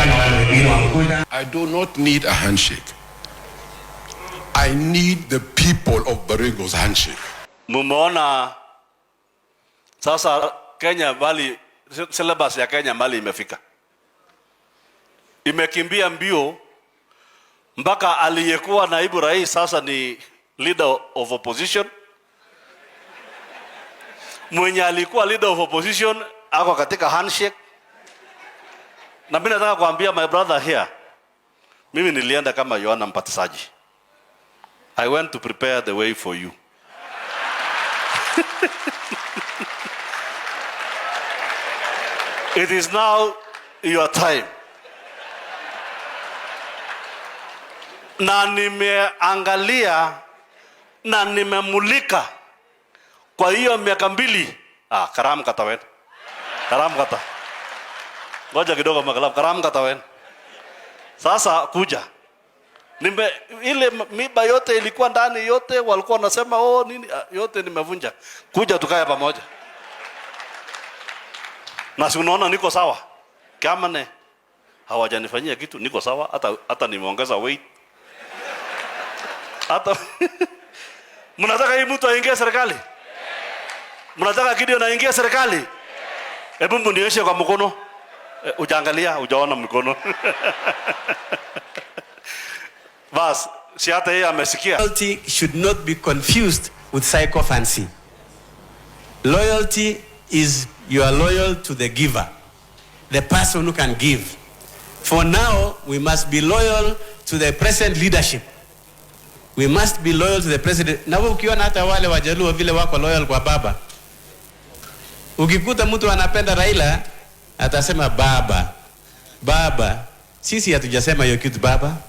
wanakwenda na wengine wanakuja. I do not need a handshake. I need the people of Baringo's handshake. Mumeona sasa Kenya bali syllabus ya Kenya mbali imefika, imekimbia mbio mpaka aliyekuwa naibu rais sasa ni leader of opposition, mwenye alikuwa leader of opposition ako katika handshake. Na mimi nataka kuambia my brother here, mimi nilienda kama Yohana Mbatizaji. I went to prepare the way for you. It is now your time. Na nimeangalia na nimemulika kwa hiyo miaka mbili. Ah, karamu kata wewe. Karamu kata. Ngoja kidogo maklabu. Karamu katawen. Sasa kuja. Nime ile miba yote ilikuwa ndani yote walikuwa nasema oh nini ah, yote nimevunja. Kuja tukae pamoja. Na si unaona niko sawa? Kama ne hawajanifanyia kitu niko sawa hata hata nimeongeza weight. Hata mnataka hii mtu aingie serikali? Mnataka Gideon aingie serikali? Hebu mnionyeshe kwa mkono. Eh, Ujaangalia, ujaona mkono bas, si hata yeye amesikia. Loyalty should not be confused with psychophancy. Loyalty is you are loyal to the giver, the person who can give. For now, we must be loyal to the present leadership. We must be loyal to the president. Na wewe ukiona hata wale wajaluo vile wako loyal kwa baba, ukikuta mtu anapenda Raila atasema baba, baba, sisi hatujasema hiyo kitu baba.